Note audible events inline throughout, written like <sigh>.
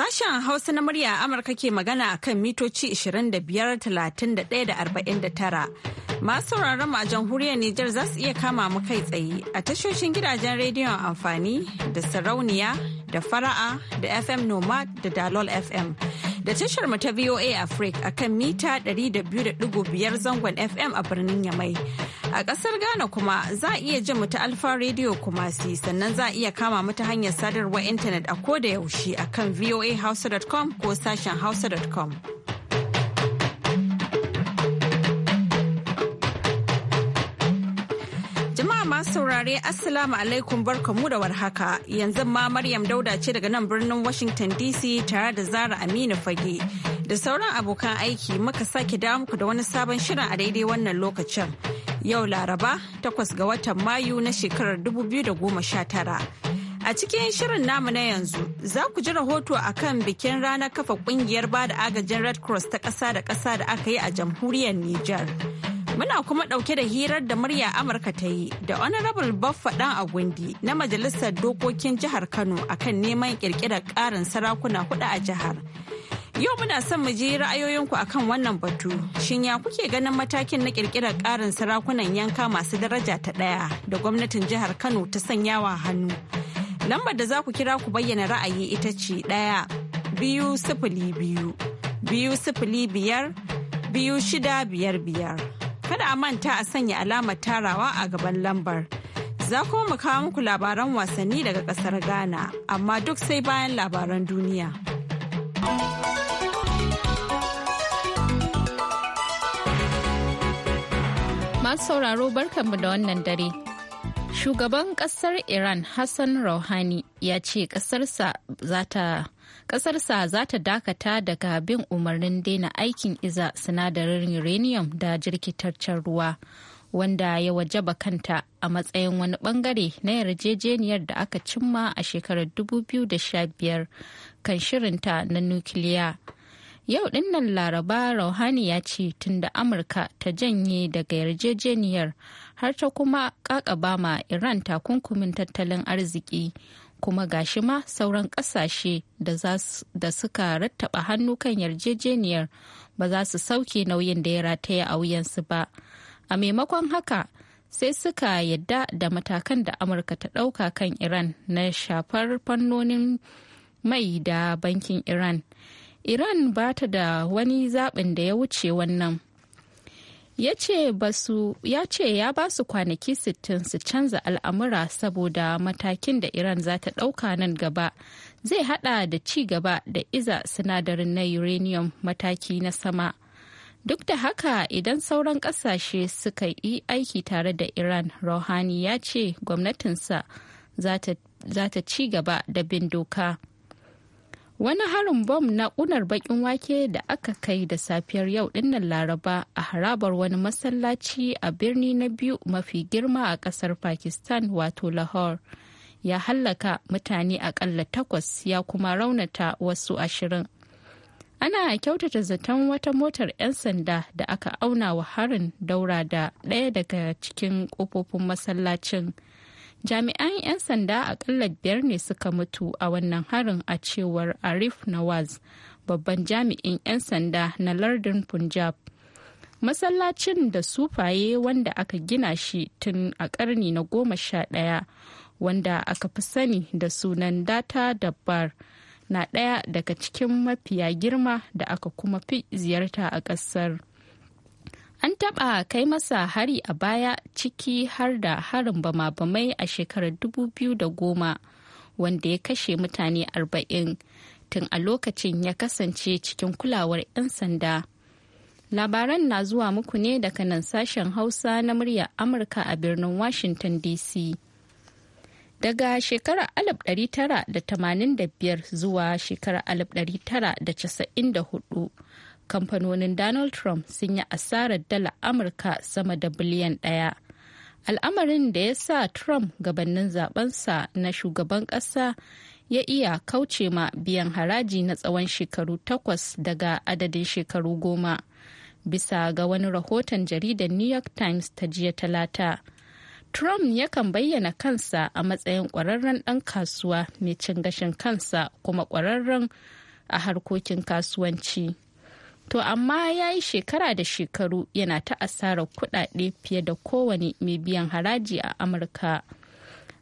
Sashen Hausa na murya Amurka ke magana a kan mitoci 25-31-49. Masu mu a jamhuriyar Nijar za su iya kama mu kai tsaye a tashoshin gidajen rediyon amfani da sarauniya da fara'a da FM Nomad da Dalol FM. Da tashar mu ta VOA Africa a mita 200.5 zangon FM a birnin Yamai. A ƙasar Ghana kuma za a iya jin mu ta Alfa Radio Kumasi sannan za a iya kama mu ta hanyar sadarwar intanet a koda yaushe a kan ko sashen hausa.com. Jama'a masu saurare Assalamu alaikum barkamu da warhaka yanzu ma Maryam Dauda ce daga nan birnin Washington DC tare da Zara Aminu Fage da sauran abokan aiki muka sake dawo muku da wani sabon shirin a daidai wannan lokacin. Yau Laraba takwas ga watan Mayu na shekarar 2019. A cikin shirin namu na yanzu za ku ji rahoto a kan bikin ranar kafa kungiyar bada agajin Red Cross ta ƙasa da ƙasa da aka yi a jamhuriyar Nijar. Muna kuma ɗauke da hirar da murya Amurka ta yi da Honorable Baffa ɗan Agundi na Majalisar Dokokin Jihar Kano akan neman ƙirƙirar ƙarin sarakuna hudu a jihar. Yau muna son mu ji ra'ayoyinku akan wannan batu. Shin ya kuke ganin matakin na ƙirƙirar ƙarin sarakunan yanka masu daraja ta ɗaya da gwamnatin jihar Kano ta sanya wa hannu? Lambar da za ku kira ku bayyana ra'ayi ita ce ɗaya biyu sifili biyu biyu sifili biyar biyu shida biyar biyar. Kada a manta a sanya alamar tarawa a gaban lambar. Za kuma mu kawo muku labaran wasanni daga kasar Ghana, amma duk sai bayan labaran duniya. Masu sauraro barkanmu da wannan dare. Shugaban kasar Iran Hassan Rouhani ya ce kasarsa za ta ƙasarsa za ta dakata daga bin umarnin daina aikin iza sinadarin uranium da jirkitaccen ruwa wanda ya wajaba kanta a matsayin wani bangare na yarjejeniyar da aka cimma a shekarar 2015 kan shirinta na nukiliya. Yau dinnan Laraba rauhani ya ce tunda Amurka ta janye daga yarjejeniyar har ta kuma kakaba ma Iran takunkumin tattalin arziki kuma gashi ma sauran kasashe da suka rattaba hannu kan yarjejeniyar ba za su sauke nauyin da ya rataya a wuyansu ba a maimakon haka sai suka yadda da matakan da amurka ta ɗauka kan iran na shafar fannonin mai da bankin iran iran ba ta da wani zaɓin da ya wuce wannan ya ce ya ba su kwanaki 60 su canza al'amura saboda matakin da iran za ta ɗauka nan gaba zai hada da ci gaba da iza sinadarin na uranium mataki na sama duk da haka idan sauran kasashe suka yi aiki tare da iran rohani ya ce gwamnatinsa za ta ci gaba da bin doka wani harin bom na kunar bakin wake da aka kai da safiyar yau dinnan laraba a harabar wani masallaci a birni na biyu mafi girma a kasar pakistan wato lahore ya hallaka mutane akalla takwas ya kuma raunata wasu ashirin ana kyautata zaton wata motar 'yan sanda da aka auna wa harin daura da ɗaya daga cikin ƙofofin masallacin jami'an 'yan sanda akalla biyar ne suka mutu a wannan harin a cewar arif nawaz babban jami'in 'yan sanda na lardin punjab masallacin da sufaye wanda aka gina shi tun a karni na goma sha ɗaya wanda aka fi sani da sunan data dabbar na ɗaya daga cikin mafiya girma da aka kuma fi ziyarta a ƙasar. An taɓa kai masa hari a baya ciki har da harin bama-bamai a shekarar 2010 wanda ya kashe mutane 40 tun a lokacin ya kasance cikin kulawar 'yan sanda. Labaran na zuwa muku ne daga nan sashen Hausa na muryar Amurka a birnin Washington DC. Daga shekarar 1985 zuwa shekarar 1994 kamfanonin donald trump sun yi asarar dala amurka sama da biliyan ɗaya al'amarin da ya sa trump gabanin zabensa na shugaban ƙasa ya iya kauce ma biyan haraji na tsawon shekaru takwas daga adadin shekaru goma bisa ga wani rahoton jaridar new york times ta jiya talata trump yakan bayyana kansa a matsayin ƙwararren ɗan kasuwa mai cin gashin kansa kuma ƙwararren a harkokin kasuwanci to amma ya yi shekara da shekaru yana ta asarar kuɗaɗe fiye da kowane mai biyan haraji a amurka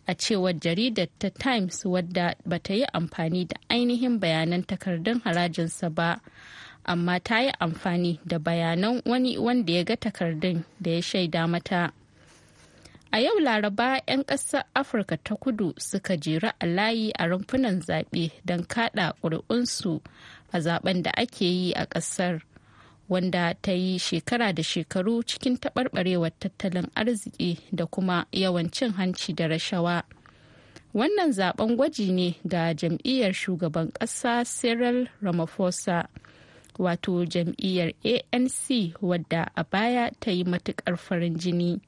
a cewar jaridar ta times wadda bata yi amfani da ainihin bayanan takardun harajinsa ba amma ta yi amfani da bayanan wani wanda ya ga takardun da ya shaida mata A yau Laraba 'yan ƙasar Afirka ta kudu suka jera a layi a rumfunan zaɓe don kaɗa ƙuri'unsu a zaɓen da ake yi a ƙasar, wanda ta yi shekara da shekaru cikin taɓarɓarewar tattalin arziki da kuma yawan cin hanci da rashawa. Wannan zaben gwaji ne ga jam'iyyar shugaban ƙasa Cyril Ramaphosa. wato jam'iyyar anc wadda a baya ta yi matuƙar farin jini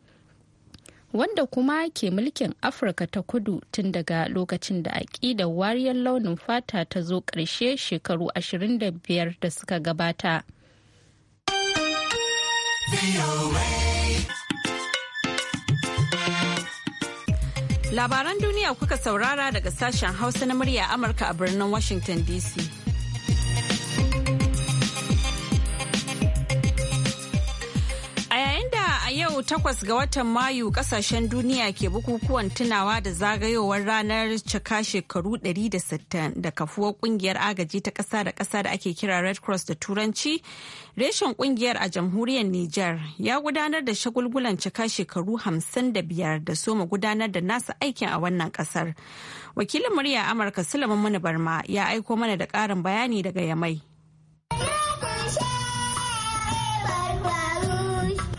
wanda kuma ke mulkin afirka ta kudu tun daga lokacin da aƙidar wariyar launin fata ta zo ƙarshe shekaru 25 da suka gabata. Labaran duniya kuka saurara daga sashen Hausa na murya Amurka a birnin Washington DC. yau takwas ga watan Mayu kasashen duniya ke bukukuwan tunawa da zagayowar ranar cika shekaru 160 da kafuwar kungiyar agaji ta ƙasa da ƙasa da ake kira Red Cross da Turanci. Reshen kungiyar a jamhuriyar Nijar ya gudanar da shagulgulan cika shekaru 55 da soma gudanar da nasa aikin a wannan ƙasar. Wakilin murya Amurka Sulaiman Mani Barma ya aiko mana da ƙarin bayani daga Yamai.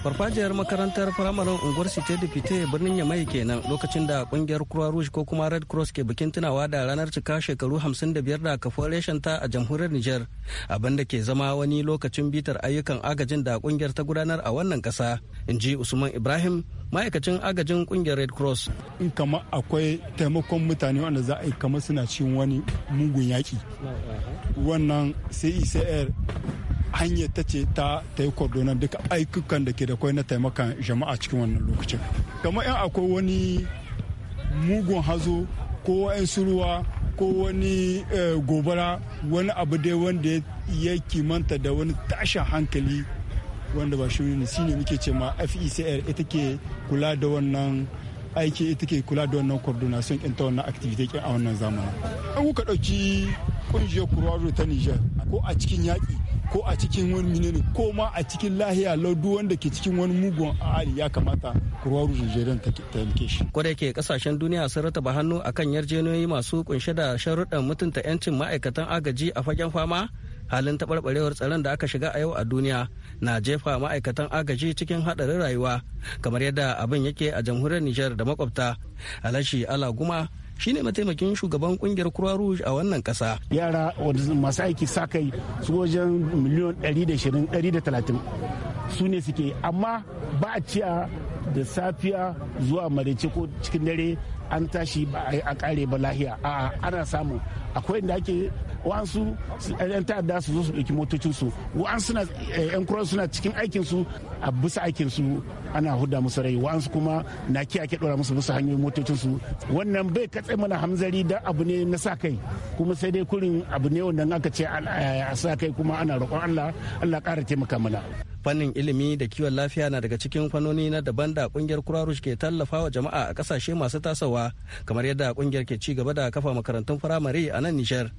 farfajiyar makarantar firamaren unguwar site da fite birnin yamai kenan lokacin da kungiyar croix rouge ko kuma red cross ke bikin tunawa da ranar cika shekaru 55 da kafuwar reshen ta a jamhuriyar niger abinda ke zama wani lokacin bitar ayyukan agajin da kungiyar ta gudanar a wannan kasa in ji usman ibrahim ma'aikacin agajin kungiyar red cross in kama akwai taimakon mutane wanda za a yi kama suna cin wani mugun yaki wannan sai hanyar ta ce ta ta yi kordonar duka aikukan da ke da kwai na taimakan jama'a cikin wannan lokacin kamar yan akwai wani mugun hazo ko wa'yansu ruwa ko wani eh, gobara wani abu dai wanda ya kimanta da wani tashin hankali wanda ba shi ne shine muke ce ma FECR ita ke kula da wannan aiki ita ke kula da wannan coordination ɗin ta wannan activity a wannan zamanin an kuka ɗauki kungiyar kurwaru ta Niger ko a cikin yaƙi ko a cikin wani ko ma a cikin lahiya laudu wanda ke cikin wani mugun ali ya kamata kurwa rujejen ta yanke shi. Ko da ke kasashen duniya sun rataba hannu akan yarjejeniyoyi masu kunshe da sharuɗan mutunta 'yancin ma'aikatan agaji a fagen fama halin taɓarɓarewar tsaron da aka shiga a yau a duniya na jefa ma'aikatan agaji cikin haɗarin rayuwa kamar yadda abin yake a jamhuriyar Nijar da makwabta alashi alaguma shine mataimakin shugaban kungiyar Croix Rouge a wannan kasa. Yara masu aiki sa kai su wajen miliyon 120-130 su ne suke amma ba a ciya da safiya zuwa maraice ko cikin dare an tashi ba a kare ba lahiya a ana samu akwai inda ake wa'ansu eh, yan ta'adda su zo su ɗauki su wasu na eh, yan kuran suna cikin aikinsu a bisa aikin su ana huda musu rai wasu kuma na kiya ke ɗora musu bisa hanyoyin motocin su wannan bai katse mana hamzari dan abu ne na sa kai kuma sai dai kurin abu ne wanda aka ce eh, a sa kai kuma ana roƙon Allah Allah ƙara taimaka mana fannin ilimi da kiwon lafiya na daga cikin fannoni na daban da kungiyar kurarush ke tallafawa jama'a a kasashe masu tasawa kamar yadda kungiyar ke ci gaba da kafa makarantun firamare a nan nishar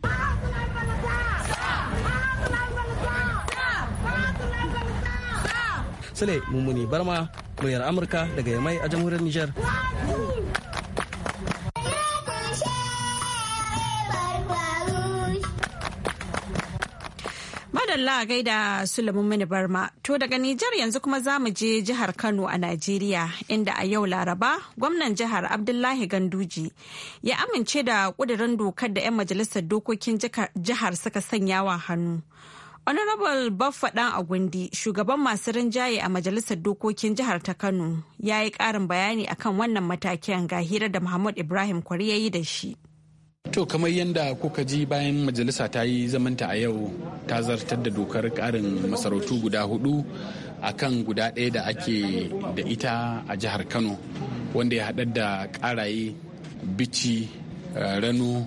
sule mummuni barma muryar amurka daga yamai a jamhuriyar nijar a gaida Sulaiman Mini Barma. To daga Nijar yanzu kuma za mu je jihar Kano a Najeriya inda a yau Laraba gwamnan jihar Abdullahi Ganduji ya amince da kudirin dokar da 'yan majalisar dokokin jihar suka sanya wa hannu. Honorable Dan Agundi shugaban masu rinjaye a majalisar dokokin jihar ta Kano ya yi ƙarin bayani akan wannan matakin ga hira da Muhammad Ibrahim Kwari ya yi da shi. To kamar yadda kuka ji bayan majalisa ta yi zamanta a yau ta zartar da dokar karin masarautu guda hudu a kan guda ɗaya da ake da ita a jihar Kano wanda ya haɗar da ƙaraye bici eh, rano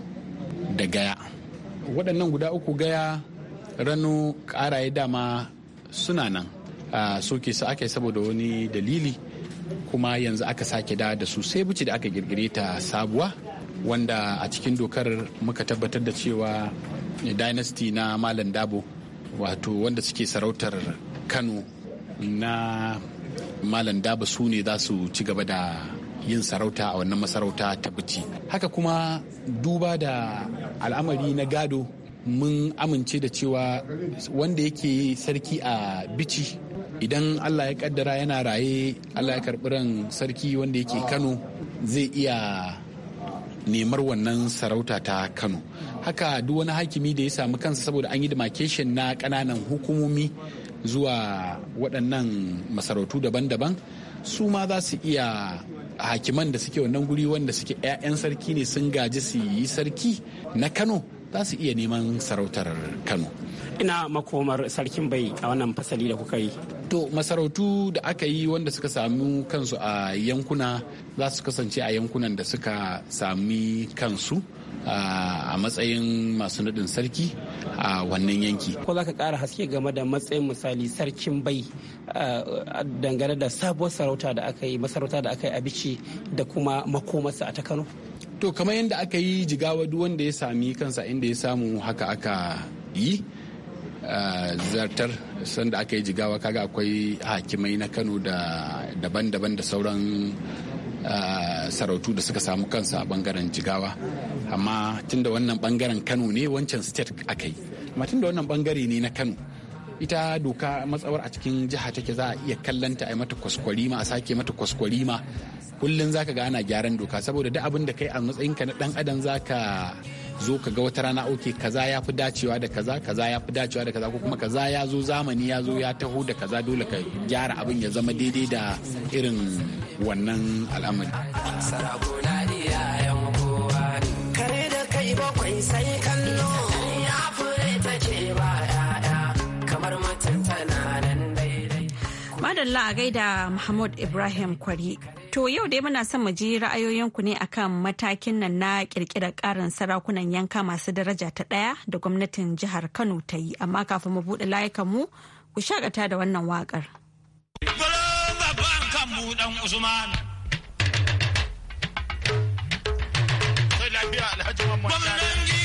da gaya. Waɗannan guda uku gaya rano ƙaraye dama suna nan soke su aka yi saboda wani dalili kuma yanzu aka sake da da su sai bici da aka girgire ta sabuwa. wanda a cikin dokar muka tabbatar da cewa dynasty na malam dabo wato wanda suke sarautar kano na malam dabo su ne za su ci gaba da yin sarauta a wannan masarauta ta bici haka kuma duba da al'amari na gado mun amince da cewa wanda yake sarki a bici idan allah ya kaddara yana raye allah ya karbi ran sarki wanda yake kano zai iya nemar wannan sarauta ta kano haka duk wani hakimi da ya samu kansa saboda an yi demarcation na kananan hukumomi zuwa waɗannan masarautu daban-daban su ma za su iya hakiman da suke wannan guri wanda suke 'ya'yan sarki ne sun gaji su yi sarki na kano za su iya neman sarautar kano ina makomar sarkin bai a wannan fasali da kuka yi to masarautu da aka yi wanda suka samu kansu a yankuna za su kasance a yankunan da suka sami kansu a matsayin masu nadin sarki a wannan yanki. Ko za ka ƙara haske game da matsayin misali sarkin bai dangane da sabuwar sarauta da aka yi masarauta da aka yi a da kuma makomarsa a ta Kano? To kamar yadda aka yi jigawa duk wanda ya sami kansa inda ya samu haka aka yi zartar sanda aka yi jigawa kaga akwai hakimai na kano da daban-daban da sauran sarautu da suka samu kansu a bangaren jigawa amma tunda wannan bangaren kano ne wancan state aka yi amma tunda wannan bangare ne na kano ita doka matsawar a cikin jiha take za a iya kallanta a yi mata kwaskwarima a sake mata kwaskwarima kullum zaka ga ana gyaran doka saboda duk abin da kai a matsayinka na dan adam zaka zo ka ga wata rana oke kaza ya fi dacewa da kaza kaza ya fi dacewa da kaza ko kuma kaza ya zo zamani ya zo ya taho da kaza dole ka gyara abin ya zama daidai da irin wannan al'amari. kai bakwai sai kallo, daidai. madalla a gaida Mahmud Ibrahim Kwari. To yau dai muna son mu ji ra'ayoyinku ne akan matakin nan na kirkirar karin sarakunan yanka masu daraja ta ɗaya da gwamnatin jihar Kano ta yi. Amma kafin mu buɗe layukan mu ku shakata da wannan waƙar. Gwamnan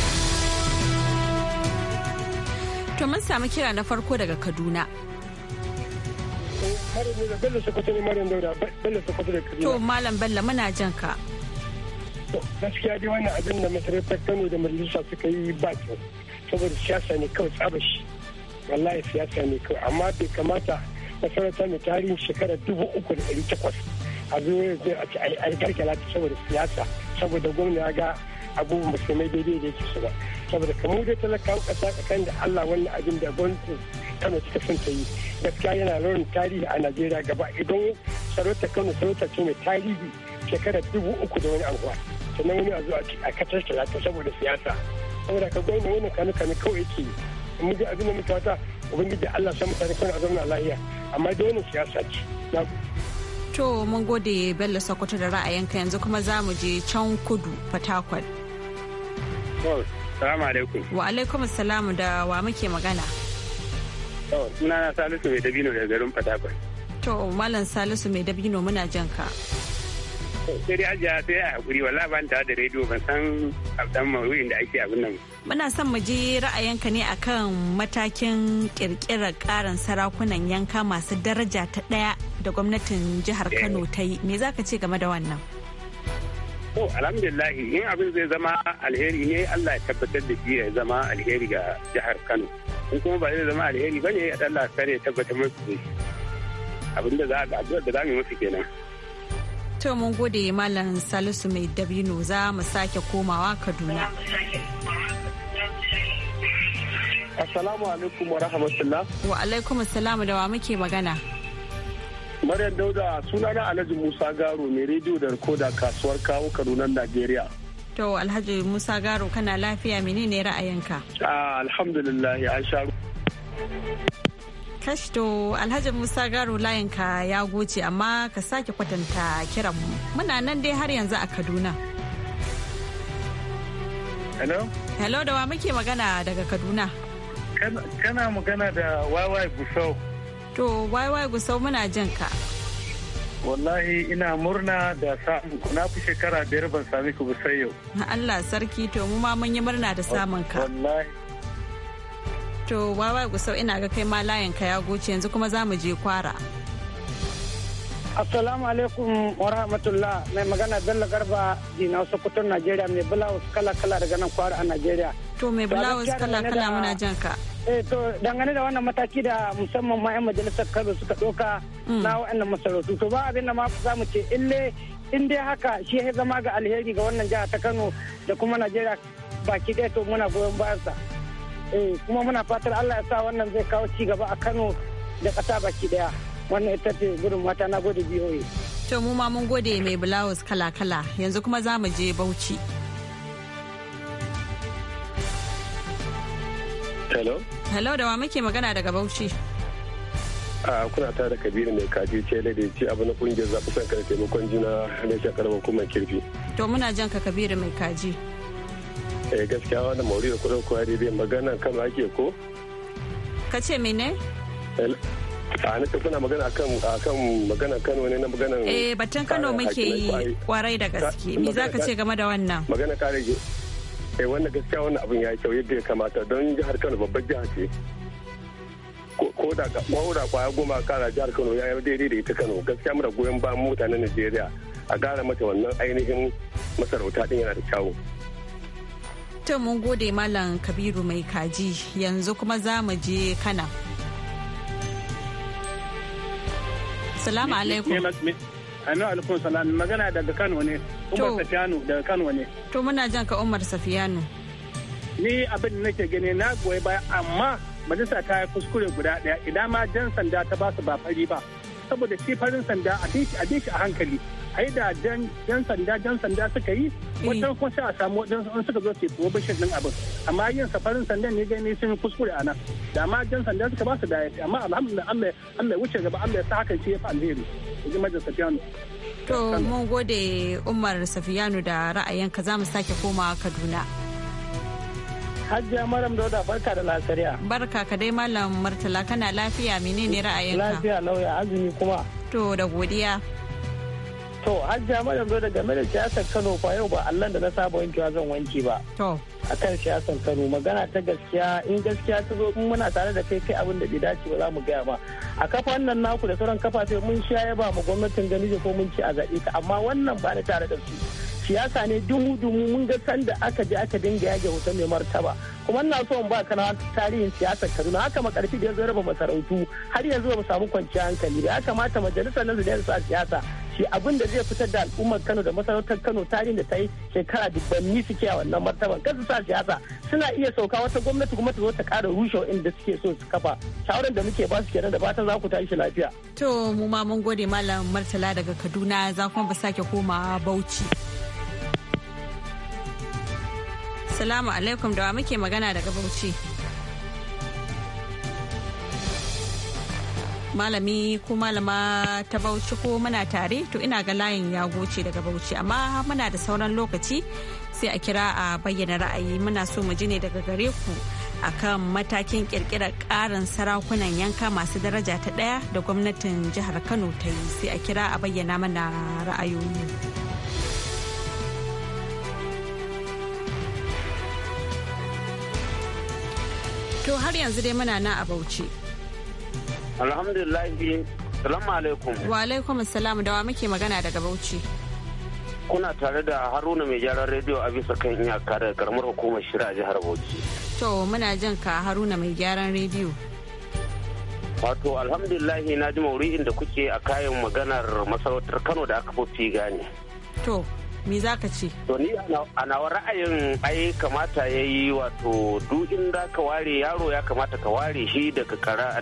To mun samu kira na farko daga Kaduna. To Malam Bello muna jan ka. gaskiya dai wannan abin da masarautar Kano da majalisa suka yi ba kyau saboda siyasa ne kawai tsaba shi wallahi siyasa ne kawai amma bai kamata masarauta mai tarihin shekara dubu uku da ɗari takwas a zuwa zai a ci a gargala saboda siyasa saboda gwamna ya ga abubuwan musulmai daidai da yake shiga saboda kamar da talakawan kasa kan da allah wani abin da ta kano suka son ta yi gaskiya yana launin tarihi a najeriya gaba idan sarauta kano sarauta ce mai tarihi shekarar dubu uku da wani anguwa sannan wani a zo a katar talata saboda siyasa saboda ka gwamna wannan kano kano kawai ke mu muje abin da mutuwa ta ubangiji allah san mutane kano a zauna lahiya amma da siyasa ce To mun gode Bello Sokoto da ra'ayinka yanzu kuma za mu je can kudu Fatakwal. Salamu alaikum. Wa alaikum salamu da wa muke magana. Suna na Salisu mai dabino daga garin Fatakwal. To Malam Salisu mai dabino muna jan ka. sai dai ajiya sai a hakuri wala ban ta da rediyo ban san abdan mawuyin da ake abin nan muna son mu ji ra'ayinka ne akan matakin kirkirar karin sarakunan yanka masu daraja ta daya da gwamnatin jihar Kano eh. ta yi me zaka ce game da wannan to alhamdulillah in abin zai zama alheri ne Allah ya tabbatar da shi ya zama alheri ga jihar Kano in kuma ba zai zama alheri bane Allah ya tabbatar musu abin da za a da za mu yi musu kenan To mun gode Malam Salisu mai dabino za mu sake komawa Kaduna. Assalamu alaikum wa rahmatullah. Wa alaikum assalam da wa muke magana. Maryam Dauda sunana Alhaji Musa Garo mai rediyo da rikoda kasuwar kawo Kaduna Najeriya. To Alhaji Musa Garo kana lafiya menene ra'ayinka? Ah alhamdulillah sha. Kashto Alhaji Musa Garo layinka ya goce amma ka sake kwatanta kiran mu. Muna nan dai har yanzu a Kaduna. Hello? Hello da wa muke magana daga Kaduna? Kana magana da YY Gusau. To YY Gusau muna jin ka. Wallahi ina murna da samun ku na fi shekara biyar ban sami ku ba sai yau. <laughs> Allah sarki to mu ma mun yi murna da samun ka. Wallahi To wawa gusau ina ga kai ma layin ka ya goce yanzu kuma za mu je kwara. Assalamu alaikum wa rahmatullah mai magana Bello Garba Dina Sokoto Najeriya mai bulawus kala kala daga nan kwara a Najeriya. To mai bulawus kala kala muna jan ka. Eh to dangane da wannan mataki da musamman ma 'yan majalisar Kano suka doka mm. na wa'annan masarautu to ba abin da ma za mu ce ille in dai haka shi ya zama ga alheri ga wannan jiha ta Kano da kuma Najeriya baki ɗaya to muna goyon bayansa. eh kuma muna fatar Allah ya sa wannan zai kawo ci gaba a Kano da ƙasa baki daya wannan ita ce gudun mata na gode BOA to mu ma mun gode mai blouse kala kala yanzu kuma za mu je Bauchi Hello Hello da wa muke magana daga Bauchi a kuna ta da kabiru mai kaji ce da ci abu na kungiyar zafi son kare taimakon jina na shakar hukumar kirfi to muna jan ka kabiru mai kaji eh gaskiya wani mauriyo ko kuwa daidai magana kan ake ko ka ce mene a na kuna magana akan akan magana Kano ne na magana eh batun Kano muke yi kwarai da gaske me zaka ce game da wannan magana kare eh wannan gaskiya wannan abin ya kyau yadda ya kamata don jihar Kano babban jiha ce ko da ko da kwaya goma kara jihar Kano ya yi daidai da ita Kano gaskiya muna goyon ba mutanen Najeriya a gara mata wannan ainihin masarauta din yana da kyawu To mun gode Malam Kabiru mai kaji yanzu kuma za mu je kana. Salamu alaikum. Ainihin alaikum salam magana daga Kano ne. Umar Safiyanu daga Kano ne. To muna jan ka Umar Safiyanu. Ni abin da nake gani na goyi baya amma majalisa ta yi kuskure guda daya idan ma jan sanda ta ba su ba fari ba saboda shi farin sanda a bi a hankali ai da jan sanda jan sanda suka yi eh. wajen kuma a samu wajen sun suka zo tefo yi bashin din abin amma yin safarin sanda ne gani sun kuskure ana da ma jan sanda suka ba su da amma alhamdulillah Allah Allah wuce gaba Allah ya sa hakan shi ya fi alheri ji majalisa Safiyanu to mun gode Umar Safiyanu da ra'ayinka za mu sake komawa Kaduna Hajiya Maram Dauda barka da lasariya. Barka ka dai Malam Murtala kana lafiya menene ra'ayinka? Lafiya lauya azumi kuma. To da godiya. To har mara yanzu da game da siyasar Kano fa yau ba Allah da na saba wankewa zan wanke ba. To. kan siyasar Kano magana ta gaskiya in gaskiya ta zo in muna tare da kai kai abin da bai dace ba za mu gaya ba. A kafan nan naku da sauran kafafe mun sha ba mu gwamnatin gani ko mun ci a zaɓe ka amma wannan ba da tare da su. siyasa ne dumu dumu mun ga sanda aka je aka dinga yage hoton mai martaba kuma ina so in ba kana tarihin siyasar Kaduna haka makarfi da ya raba masarautu har yanzu ba mu samu kwanciyar hankali ya kamata majalisar nan su sa siyasa shi abin da zai fitar da al'ummar Kano da masarautar Kano tarihin da ta yi shekara dubbanni suke a wannan martaban kar su sa siyasa suna iya sauka wata gwamnati kuma ta zo ta kara rushe inda suke so su kafa shawaran da muke ba su kenan da fatan za ku tashi lafiya to mu ma mun gode malam Murtala daga Kaduna za kuma ba sake komawa Bauchi Assalamu alaikum da wa muke magana daga Bauchi. Malami ko malama ta Bauchi ko muna tare to ina ga layin ya goce daga Bauchi amma muna da sauran lokaci sai a kira a bayyana ra'ayi muna so mu ji ne daga gare ku. akan matakin kirkirar karin sarakunan yanka masu daraja ta daya da gwamnatin jihar kano ta yi sai a kira a bayyana mana ra'ayoyi. To har yanzu dai muna na a Bauchi. Alhamdulillah. Salamu alaikum. Wa alaikum salam da wa muke magana daga Bauchi. Kuna tare da Haruna mai gyaran rediyo a bisa kan iyaka da karamar hukumar shira a jihar Bauchi. To muna jin ka Haruna mai gyaran rediyo. Wato alhamdulillah na ji maurin da kuke a kayan maganar masarautar Kano da aka fi gane. me za ka ce? To ni a nawa ra'ayin ai kamata ya yi wato duk inda ka ware yaro ya kamata ka ware shi daga kara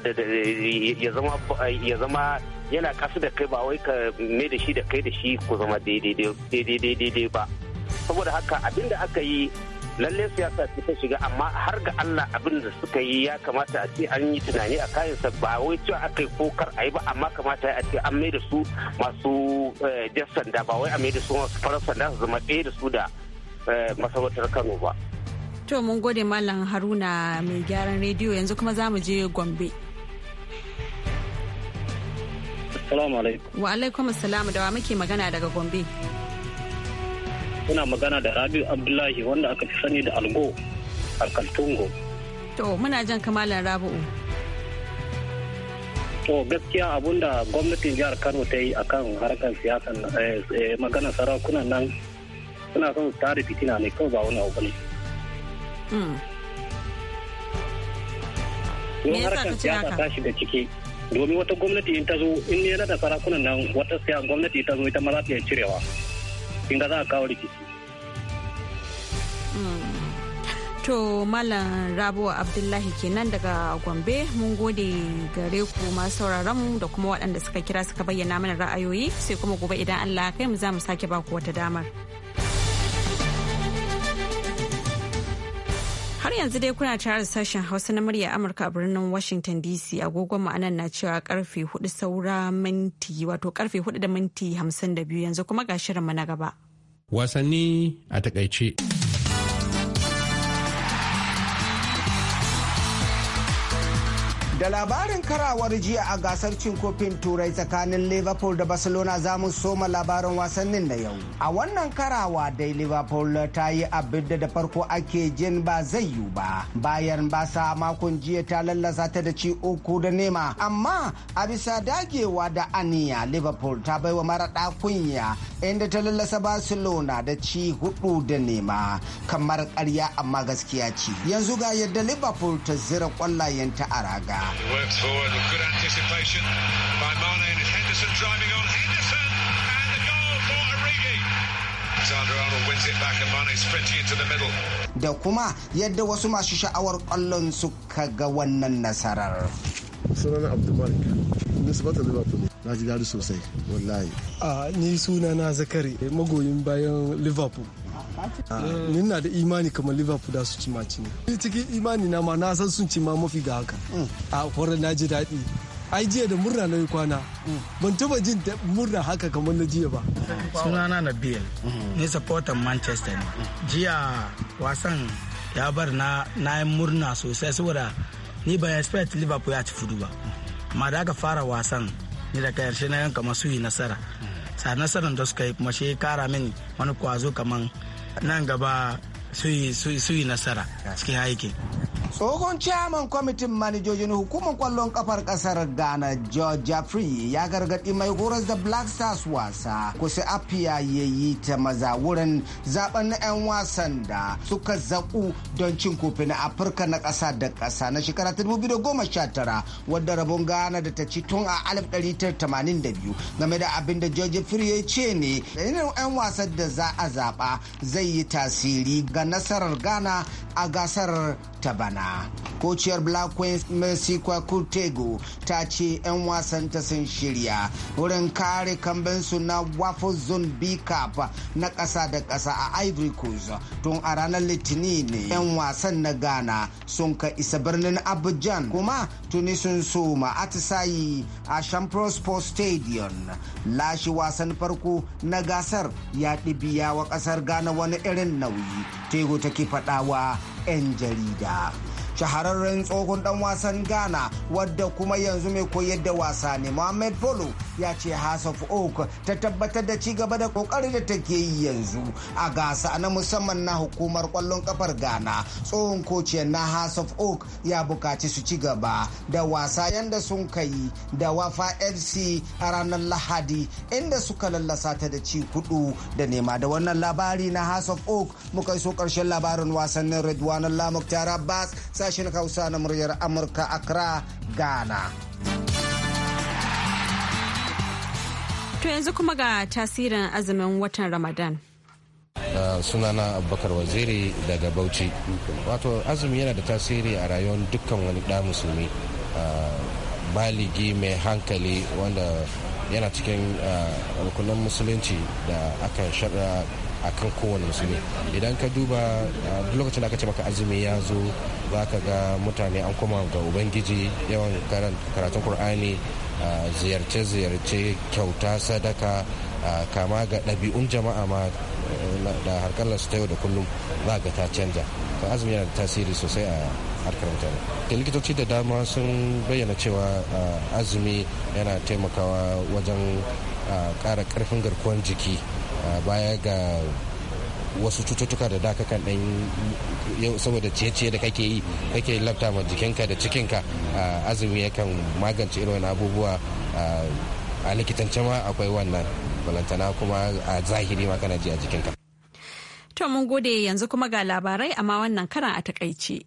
ya zama yana kasu da kai ba wai ka me da shi da kai da shi ku zama daidai ba. Saboda haka abinda aka yi lalle siyasa ce ta shiga amma har ga Allah abin da suka yi ya kamata a ce an yi tunani a kayansa ba wai cewa aka yi ko kar a yi ba amma kamata a ce an mai da su masu eh, jar sanda ba wai a mai da su masu farar sanda su zama ɗaya da su da eh, masarautar Kano ba. To mun gode Malam Haruna mai gyaran rediyo yanzu kuma za mu je Gombe. Assalamu alaikum. Wa alaikum assalam da wa muke magana daga Gombe. kuna magana da Rabiu Abdullahi wanda aka fi sani da Algo a Kaltungo. To muna jan kamalan Rabi'u. To gaskiya abinda gwamnatin jihar Kano ta yi akan harkar siyasan eh, eh, magana sarakunan nan suna son su tare fitina ne kawai ba wani abu ne. Don mm. harkar siyasa ta shiga ciki domin wata gwamnati in ta zo in ne na da sarakunan nan wata gwamnati ta zo ita ma za ta iya cirewa. kin ga kawo rikici hmm. To Malam Rabuwa Abdullahi kenan daga Gombe mun gode gare ku masu sauraronmu da kuma waɗanda suka kira suka bayyana mana ra'ayoyi sai kuma gobe idan Allah ya kai mu za mu sake baku wata damar. yanzu dai kuna tare da sashen Hausa na murya Amurka a birnin Washington DC agogon mu anan na cewa karfe 4 saura minti wato karfe 4 da minti 52 yanzu kuma ga shirinmu na gaba. Wasanni a takaice. Da labarin karawar jiya a gasar cin kofin turai tsakanin Liverpool da Barcelona za mu soma labarin wasannin na yau. A wannan karawa dai Liverpool ta yi abin da farko ake jin ba zai yiwu ba. Bayan basa makon jiya ta lallasa ta da ci uku da nema. Amma a bisa dagewa da aniya Liverpool ta baiwa mara kunya inda ta lallasa Barcelona da ci hudu da nema. Kamar karya amma gaskiya ce. Yanzu ga yadda Liverpool ta zira kwallayenta a raga. He works forward with good anticipation by Mane and it's Henderson driving on. Henderson and the goal for Origi. Alexander Arnold wins back and Mane sprinting into the middle. Da kuma yadda wasu masu sha'awar kwallon suka ga wannan nasarar. Sunana Abdulmalik, Nisbatan Liverpool. na ji daɗi sosai wallahi. a ah, ni sunana na zakari magoyin bayan liverpool Ah. Ni na da imani kamar Liverpool da su ci maci ne. Cikin imani na ma na san sun ci ma mafi ga haka. Mm. A kwarar na ji daɗi. Ai jiya da murna na yi kwana. Mm. Ban taba jin murna haka kamar na jiya ba. Sunana na Bill. Mm-hmm. Ni supporter Manchester ne. Mm. Jiya wasan ya bar na na yi murna sosai saboda ni ban expect Liverpool ya ci fudu ba. Ma da aka fara wasan ni da karshe na yanka masu yi nasara. sa nasarar da suka yi kuma shi kara mini wani kwazo kaman nan gaba su yi nasara cikin aikin tsohon chairman kwamitin manajojin hukumar kwallon kafar kasar ghana george jeffrey ya gargadi mai horas da black stars wasa kusa afiya ya yi ta maza wurin zaben na 'yan wasan da suka zaku don cin kofi na afirka na kasa da kasa na shekara 2019 wadda rabon ghana da ta ci tun a 1982 game da abin da george jeffrey ya ce ne irin 'yan wasan da za a zaba zai yi tasiri ga nasarar ghana a gasar ta bana kociyar black queens mercy kwakutego ta ce 'yan wasanta sun shirya wurin kare kambinsu na waffle zone b cup na ƙasa da ƙasa a ivory coast tun a ranar litinin ne 'yan wasan na ghana sun ka isa birnin abidjan kuma tuni sun soma atisayi a shampro sports stadium lashe wasan farko na gasar ya ɗibiya wa ƙasar ghana wani irin nauyi tego take faɗawa 'yan jarida shahararren tsohon dan wasan ghana wadda kuma yanzu mai koyar da wasa ne mohamed polo ya ce house of oak ta tabbatar da ci gaba da kokarin da take yi yanzu a gasa na musamman na hukumar kwallon kafar ghana tsohon kociyar na house of oak ya bukaci su ci gaba da wasa yanda sun kai da wafa fc a ranar lahadi inda suka lallasa ta da ci kudu da nema da wannan labari na house of oak muka so karshen labarin wasannin redwan lamuk tara bas sashen hausa na muryar amurka accra ghana to yanzu kuma ga tasirin azumin watan ramadan sunana abubakar waziri daga bauchi wato azumi yana da tasiri a rayuwar dukkan wani da musulmi ah, baligi mai hankali wanda yana cikin ah, rukunan musulunci da aka a kan kowane musulmi idan ka duba duk lokacin da aka ce maka azumi ya zo za ka ga mutane an koma ga ubangiji yawan karatun kur'ani ziyarce-ziyarce kyauta sadaka kama ga ɗabi'un jama'a ma da harkar su ta yau da kullum za ga ta canja ta azumi yana da tasiri sosai a harkar mutane da likitoci da dama sun bayyana cewa azumi yana taimakawa wajen kara karfin garkuwar jiki baya ga wasu cututtuka da daka kakan dan saboda ciye-ciye da kake yi kake lafta ma jikinka da cikinka azumi yakan magance irin abubuwa a likitance ma akwai wannan balantana kuma a zahiri ma kana ji a jikinka to mun gode yanzu kuma ga labarai amma wannan karan a takaice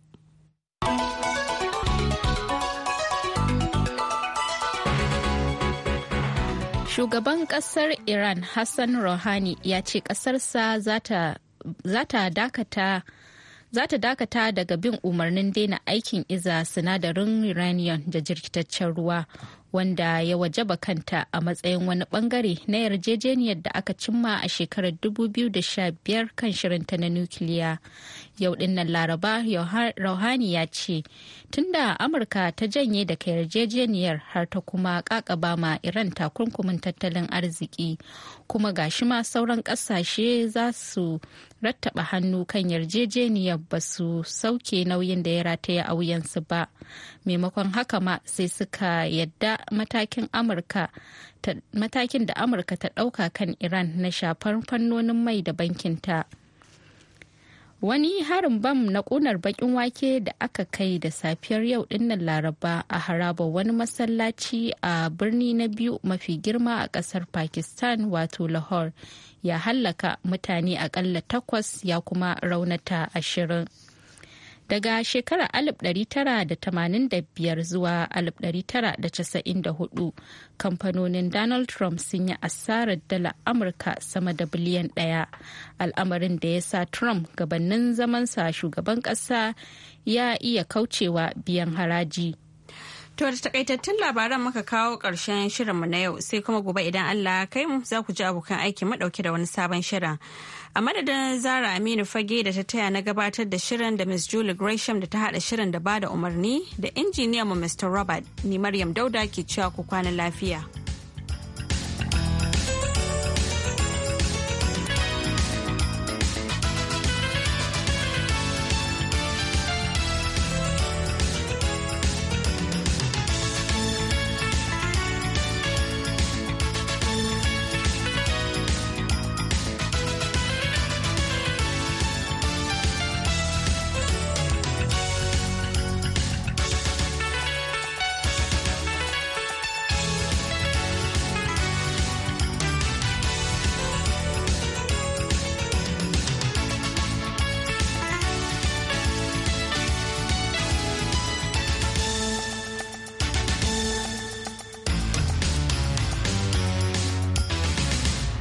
Shugaban kasar Iran Hassan Rouhani ya ce kasarsa za ta dakata za ta dakata daga bin umarnin daina aikin iza sinadarin uranium da jirkitaccen ruwa wanda ya wajaba kanta a matsayin wani bangare na yarjejeniyar da aka cimma a shekarar 2015 kan shirinta na nukiliya yau dinnan laraba rauhani ya ce tunda amurka ta janye daga yarjejeniyar har ta kuma kakaba ma iran takunkumin tattalin arziki kuma gashi ma sauran kasashe za su rattaba hannu kan yarjejeniyar ba su sauke nauyin da ya rataya a wuyansu ba maimakon haka ma sai suka yadda matakin da amurka ta ɗauka kan iran na shafar fannonin mai da bankinta wani harin bam na kunar bakin wake da aka kai da safiyar yau dinnan laraba a haraba wani masallaci a birni na biyu mafi girma a kasar pakistan wato lahore ya hallaka mutane akalla takwas ya kuma raunata ashirin daga shekarar 1985 zuwa 1994 kamfanonin donald trump sun yi asarar dala amurka sama da biliyan daya al'amarin da ya sa trump gabanin zamansa shugaban kasa ya iya kaucewa biyan haraji To da takaitattun labaran muka kawo ƙarshen shirinmu na yau sai kuma gobe idan Allah ya kai mu za ku ji abokan aiki madauke da wani sabon shirin. A madadin Zara Aminu Fage da ta taya na gabatar da shirin da Miss Julie Gresham da ta hada shirin da bada umarni da injiniyan mu Mr. Robert ni Maryam Dauda ke cewa ku kwana lafiya.